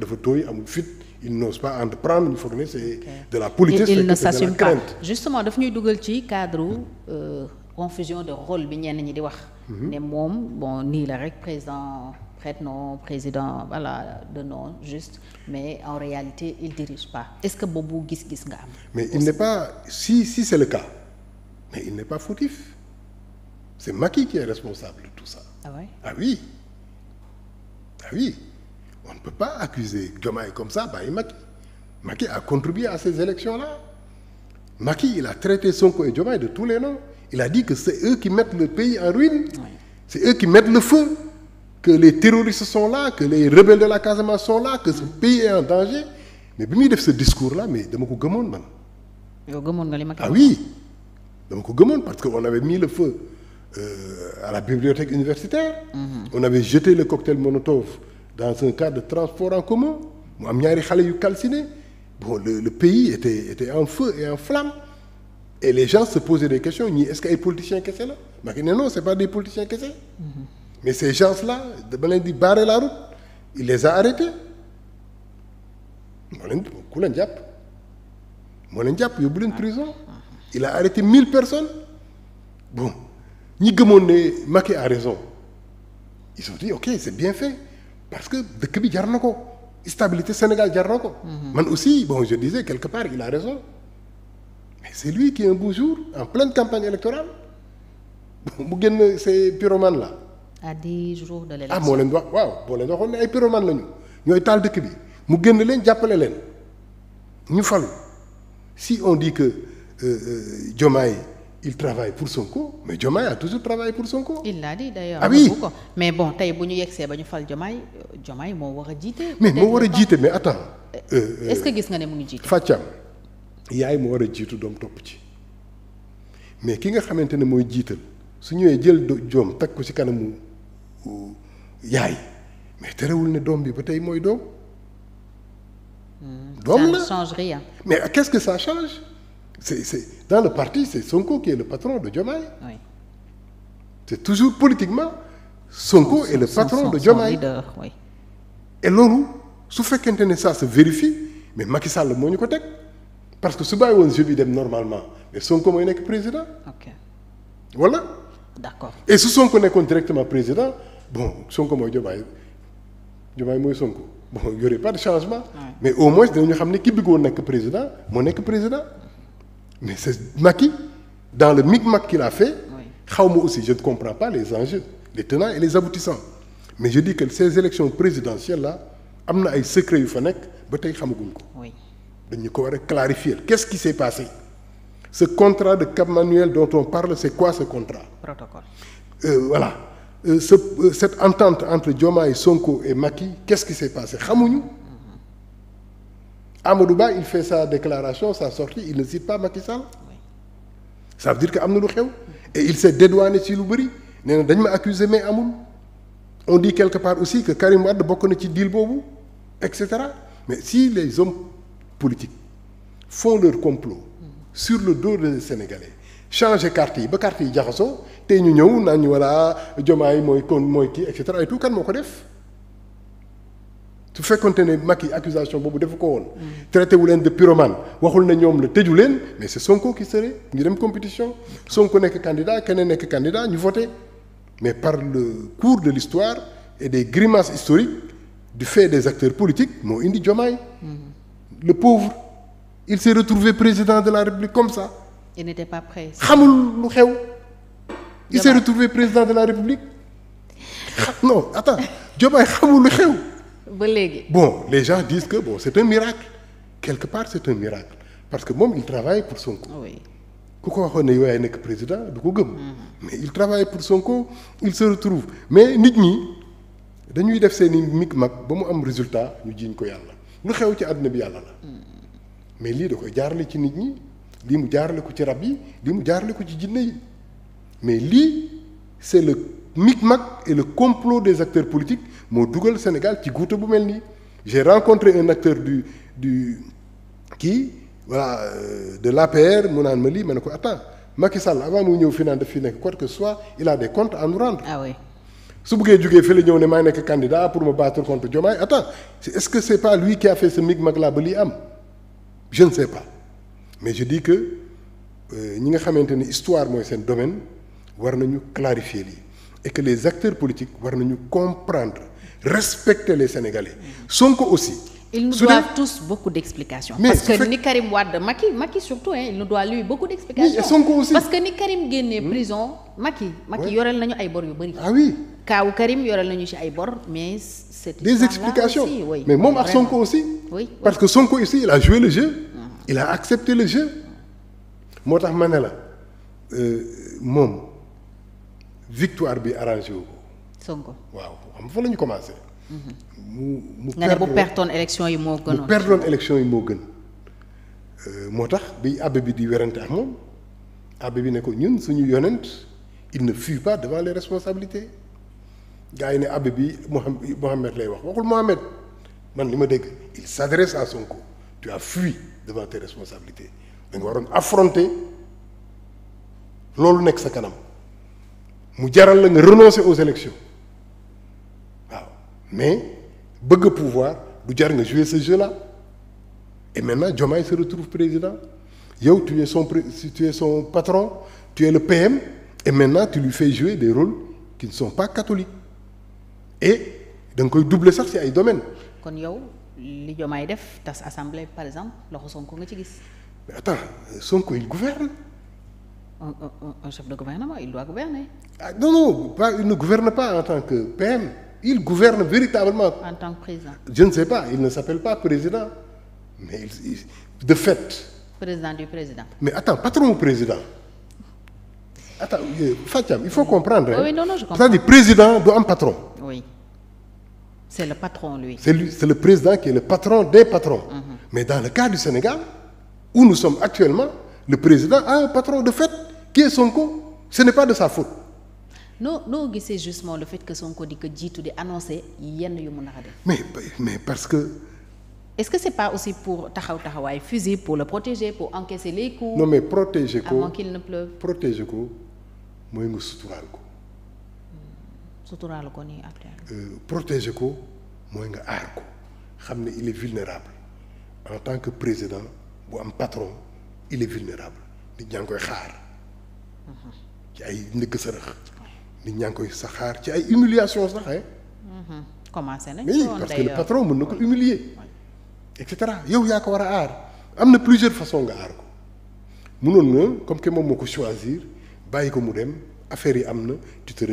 dafa tooy amul fit il n'ose pas entreprendre ñu foog ne c'est de la politesse il ne s'assume pas justement daf ñuy dugal ci cadre euh, confusion de rôle bi ñenn ñi di wax mhm. ne moom bon nii la rek président prête non président voilà de no juste mais en réalité il dirige pas est-ce que boobu gis-gis nga am mais il n'est pas si si c'est le cas mais il n'est pas fautif c'est Macky qui est responsable de tout ça ah, ah oui ah oui on ne peut pas accuser Diomaye comme ça bàyyi Macky Macky a contribuer à ces élections-là Macky il a traité Sonko et Diomaye de tous les noms il a dit que c'est eux qui mettent le pays en ruine oui. c'est eux qui mettent le feu que les terroristes sont là que les rebelles de la Casamance sont là que ce pays est en danger mais bi muy def ce discours-là mais dama ko gëmoon man yow gëmoon nga li Macky ah parce que on avait mis le feu euh, à la bibliothèque universitaire mm -hmm. on avait jeté le dans un cas de transport en commun mu am ñaari xale yu calciné bon le le pays était était en feu et en flamme et les gens se posaient des questions ñii est-ce que ay politiciens kese la Macky ne non c'est pas des politiciens kese mm-hmm. mais ces gens la dama leen di barrer la route il les a arrêtés moo leen ku leen jàpp moo jàpp yóbbu leen prison il a arrêté mille personnes bon ñi gëmoon ne Macky a raison ils ont dit ok c'est bien fait parce que dëkk bi jar na ko stabilité Sénégal jar ko. Mhm. man aussi bon je disais quelque part il a raison mais c'est lui qui un beau jour en pleine campagne électorale mu génn ces pyromanes la à dix ah moo leen wax waaw moo leen waxoon ne ay pyromanes lañu ñooy taal dëkk bi mu génn leen jàppale leen ñu fal si on di que euh, euh, Diomaye. Euh, il travaille pour Sonko mais Diomaye a toujours travaillé pour Sonko. il l'a dit d'ailleurs. ah oui ko mais bon tey bu ñu yegsee ba ñu fal Diomaye Diomaye moo war a jiite. mais moo war a jiite mais attends. Euh, euh, est-ce que euh, gis nga ne mu ngi jiite. Fathia yaay moo war a jiitu doom mais ki nga xamante ne mooy jiital su ñëwee jël doom teg ko ci kanamu yaay mais terewul ne doom bi ba tey mooy doom. Hmm, doom la change rien. mais qu'est-ce que ça change. c'est c'est dans le parti c'est Sonko qui est le patron de Diomaye. Oui. C'est toujours politiquement Sonko est le patron son, de Diomaye. Oui. loolu su fekkente ne ça se vérifie mais Macky Sall moo ñu ko teg parce que su bàyyi woon jeu bi dem normalement mais Sonko mooy nekk président. ok voilà. d'accord et su Sonko nekkoon directement président bon Sonko mooy Diomaye Diomaye mooy Sonko bon y aurait pas de changement. mais au moins dinañu xam ne ki bëggoon nekk président moo nekk président. mais c'est Macky dans le micmac qu'il a fait xaw ma aussi je ne comprends pas les enjeux les tenants et les aboutissants mais je dis que ces élections présidentielles là am na ay secret yu fa nekk ba tey xamaguñ ko dañu ko war a clarifier qu'est-ce qui s'est passé ce contrat de Cap Manuel dont on parle c'est quoi ce contrat protocole euh, voilà euh, ce, euh, cette entente entre Diomaye Sonko et Macky qu'est-ce qui s'est passé xamuñu Amadou Ba il fait sa déclaration sa sortie il ne cite pas Macky Sall veut dire que am na lu xew et il s'est dédouané ci lu bëri nee dañ ma accuser mais amul on dit quelque part aussi que Karim Wade bokk na ci deal boobu et cetera mais si les hommes politiques font leur complot sur le dos des Sénégalais changer carte yi ba carte yi jaxasoo te ñu ñëw naan ñu voilà Diomaye mooy kon mooy kii et cetera et tout kan moo ko def. su fekkonte ne Macky accusation boobu defu ko woon. traité wu leen de pyromane waxul na ñoom la tëju leen mais c'est Sonko qui serait ñu dem compétition Sonko nekk candidat keneen nekk candidat ñu voté mais par le cours de l'histoire et des grimaces historiques du fait des acteurs politiques moo indi Diomaye. Mm-hmm. le pauvre il s'est retrouvé président de la République comme ça. il n'était pas xamul lu xew. il s'est de la République. non attends Diomaye xamul lu xew. ba léegi. bon les gens disent que bon c'est un miracle quelque part c'est un miracle parce que moom il travaille pour Sonko. ku ko waxoon ne yow yaay nekk président du ko gëm. Mhm. mais il travaille pour Sonko il se retrouve mais nit ñi dañuy def seen i mag ba mu am résultat ñu jiiñ ko yàlla lu xew ci àdduna bi yàlla la. Mhm. mais lii da koy jaarale ci nit ñi lii mu jaarale ko ci rab yi lii mu jaarale ko ci jinne yi mais lii c'est le micmac et le complot des acteurs politiques. moo dugal Sénégal ci guuta bu mel nii j'ai rencontré un acteur du du kii voilà euh, de l'APR mu naan ma lii ma ne ko attends Macky Sall avant mu ñëw fi naan daf fi nekk quoi que ce soit il a des comptes à nous rendre. ah oui su buggee jógee fële ñëw ne maa nekk candidat pour me battre contre Diomaye attends est-ce que c'est pas lui qui a fait ce micmac là ba lii am je ne sais pas mais je di que euh, ñi nga xamante ni histoire mooy seen domaine war nañu clarifier lii et que les acteurs politiques war nañu comprendre. respecter les Sénégalais. Sonko aussi. ils nous doivent tous beaucoup d'explications. parce que ni Karim Wade Macky Macky surtout hein, il nous doit lui beaucoup d'explications. parce que ni Karim génnee hmm? prison Macky. Macky yoreel nañu ay bor yu bëri. ah oui kaawu Karim yoreel nañu ci ay bor mais. c'est des explications aussi, oui. mais moom ak Sonko aussi. oui parce que Sonko aussi il a joué le jeu. Hmm. il a accepté le jeu. moo tax ma ne la euh, moom victoire bi arrangé wu Sonko waaw xam fa la commencé. mu mu perte bu pertoon élection yi moo gënoon mu pertoon yi moo gën. Euh, moo tax bi abbé bi di werante ak moom abbé bi ne ko ñun suñu yonent il ne fuit pas devant les responsabilités gars yi ne abbé bi Mohamed lay wax waxul Mohamed man li ma dégg il s'adresse à Sonko tu as fui devant tes responsabilités da waroon affronter loolu nekk sa kanam mu jaral la nga renoncer aux élections mais bëgg pouvoir du jar nga jouer ce jeu là et maintenant Diomaye se retrouve président yow tu es son tu es son patron tu es le PM et maintenant tu lui fais jouer des rôles qui ne sont pas catholiques et da koy doubler sax ci ay domaines. kon yow li Diomaye def tas assemblée par exemple loxo Sonko nga ci gis. mais attends Sonko il gouverne. Un, un, un chef de gouvernement il doit gouverner. Ah, non non pas il ne gouverne pas en tant que PM. il gouverne véritablement. En tant que président. Je ne sais pas, il ne s'appelle pas président. Mais il, il, de fait. Président Mais attends, patron ou président Attends, Fatiam, il faut oui. comprendre. Hein? Oui, non, non, C'est-à-dire, président doit patron. C'est le patron, lui. le président qui est le patron des patrons. Mhm. Mais dans le cas du Sénégal, où nous sommes actuellement, le président a un patron de fait qui est son co. Ce n'est pas de sa faute. noo noo gisee justement le fait que Sonko di ko jiitu di annoncé yenn yu mu nar a def. mais mais parce que. est-ce que c'est pas aussi pour taxaw taxawaay fusil pour la protéger pour encaisser les coups. mais protégé ko avant qu'il ne protéger ko mooy nga ko. Hmm. suturaal ko nii euh, ko mooy nga aar ko xam ne il est vulnérable en tant que président bu am patron il est vulnérable nit ñaa ngi xaar. Hmm. ci ay ndëgg sërëx nit ñaa ngi koy saxaar ci ay humiliation sax eh. commencé nañ oui parce que le patron mën na ko humilier et yow yaa ko war a aar am na plusieurs façons nga aar ko mënoon nga comme que moom moo ko choisir bàyyi ko mu dem affaire yi am na tu te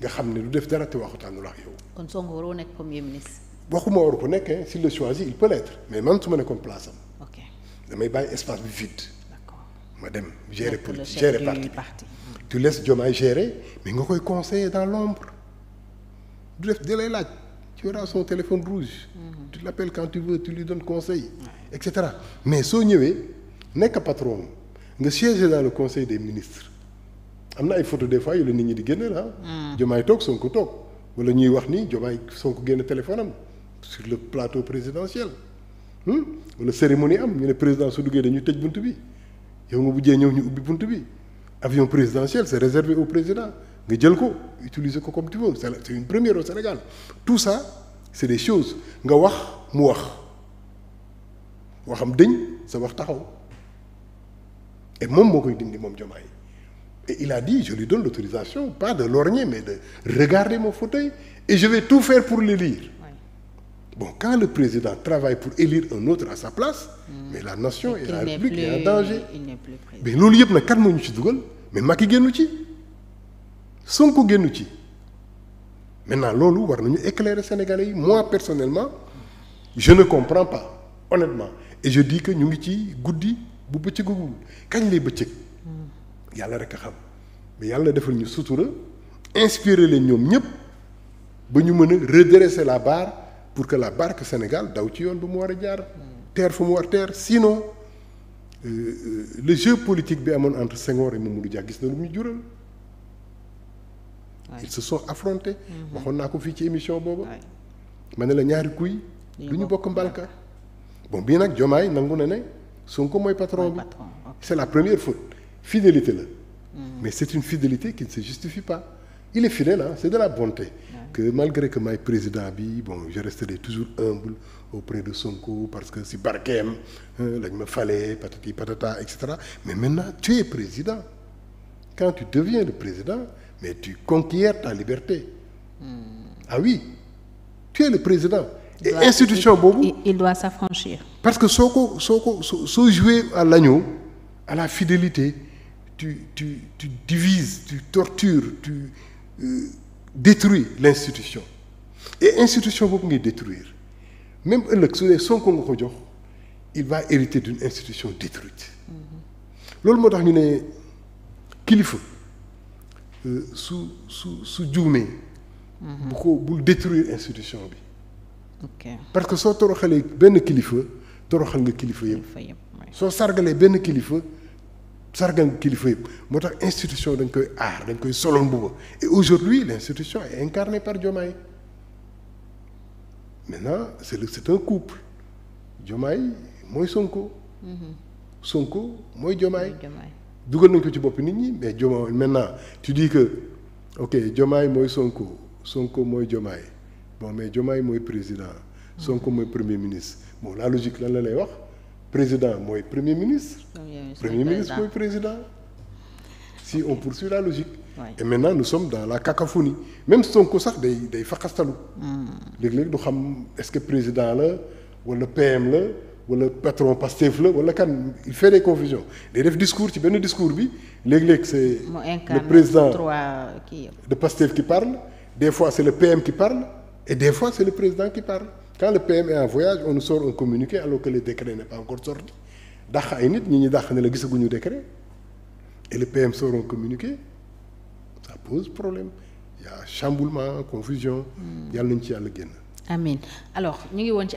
nga xam ne lu def dara te waxutaanul ak yow. kon Sonko waroo nekk premier ministre. waxuma waru ko nekkee si le choisit il peut l'être mais man su ma nekkoon place am. damay bàyyi espace bi vide. ma dem gérer politique gérer parti tu laisses Diomaye gérer mais nga koy conseiller dans l'ombre du def da lay laaj tu auras son téléphone rouge mhm. tu l'appelles quand tu veux tu lui conseil et cetera mais soo ñëwee nekk patron nga siéger dans conseil des ministres am na ay photo des fois yu la nit ñi di génne la mm. Diomaye toog ko toog wala ñuy wax ni Diomaye Sonko génn téléphone am sur le plateau présidentiel hmm? wala cérémonie am ñu ne président su duggee dañuy tëj bunt bi yow nga bujjee ñëw ñu ubbi bunt bi avion présidentiel c'est réservé au président nga jël ko utiliser ko comme tu veux c'est une première au Sénégal tout ça c'est des choses nga wax mu wax waxam dëñ sa wax taxaw et moom moo koy dindi moom Diomaye et il a dit je lui donne l'autorisation pas de lorgner mais de regarder mon fauteuil et je vais tout faire pour l'élire Bon, quand le président travaille pour élire un autre à sa place, mmh. mais la nation et, et la en danger. mais loolu yëpp nag kan moo ñu ci dugal mais Macky génnu ci Sonko génnu ci maintenant loolu war nañu éclairer Sénégalais yi moi personnellement je ne comprends pas honnêtement et je dis que ñu ngi ci guddi bu bëccëgagul kañ lay bëccëg hmm. yàlla rek a xam mais yàlla defal ñu sutura inspirer leen ñoom ñëpp ba ñu mën a redresser la barre pour que la barque Sénégal daw ci yoon bu mu war a jaar hmm. teer fu mu war teer sinon Euh, euh, le jeu politique bi amoon entre Senghor et Mamadou Dia gis na lu mu jural. ils se sont affrontés. Mhm. waxoon naa ko fii ci émission boobu. ma ne la ñaari kuy. du ñu bokk mbalka bon bii nag Diomaye nangu na ne Sonko mooy patron bi. c'est la première faute fidélité la. Mhm. mais c'est une fidélité qui ne se justifie pas. il est fidèle c'est de la bonté que malgré que may président bi bon je resterai toujours humble auprès de Sonko parce que si barkeem lañ ma falee patati patata et cetera mais maintenant tu es président quand tu deviens le président mais tu conquiers ta liberté hmm. ah oui tu es le président il et doit, institution boobu il, doit s'affranchir parce que soo ko soo ko à l'agneau à la fidélité tu tu divises tu tortures Euh, détruit l'institution et institution boobu ngay détruire même ëllëg su dee Sonko nga ko jox il va hériter d'une institution détruite loolu moo tax ñu ne kilifa euh, su su su juumee mhm. bu ko bul détruire institution bi okay. parce que soo toroxalee benn kilifa toroxal nga kilifa yëpp soo sargalee benn kilifa sargal kilifa yëpp moo tax institution dañ koy aar dañ koy solol mbuba et aujourd'hui l'institution est incarnée par Diomaye maintenant c'est le c'est un couple Diomaye mooy Sonko mm-hmm. Sonko mooy Diomaye dugal nañ ko ci bopp nit ñi mais Diomaye maintenant tu dis que ok Diomaye mooy Sonko Sonko mooy Diomaye bon mais Diomaye mooy président mm-hmm. Sonko mooy premier ministre bon la logique lan la lay wax président mooy premier ministre. premier ministre mooy président. si on poursuit la logique. et maintenant nous sommes dans la cacophonie même Sonko sax day day faqastalu. Hmm. léeg-léeg du xam est-ce que président la wala PM la wala patron Pastef la wala kan il fait des confusions day def discours ci benn discours bi léeg-léeg c'est le président de Pastef qui parle des fois c'est le PM qui parle et de fois c'est le président qui parle. quand le PM est en voyage on nous sort un communiqué alors que décret n'est pas encore sorti dàq ay nit ñi ñu dàq ne la gisaguñu décret et le PM e sort un communiqué ça pose problème il a chamboulement confusion. Hmm. yàlla nañ ci yàlla génn. amiin alors ñu ngi woon ci.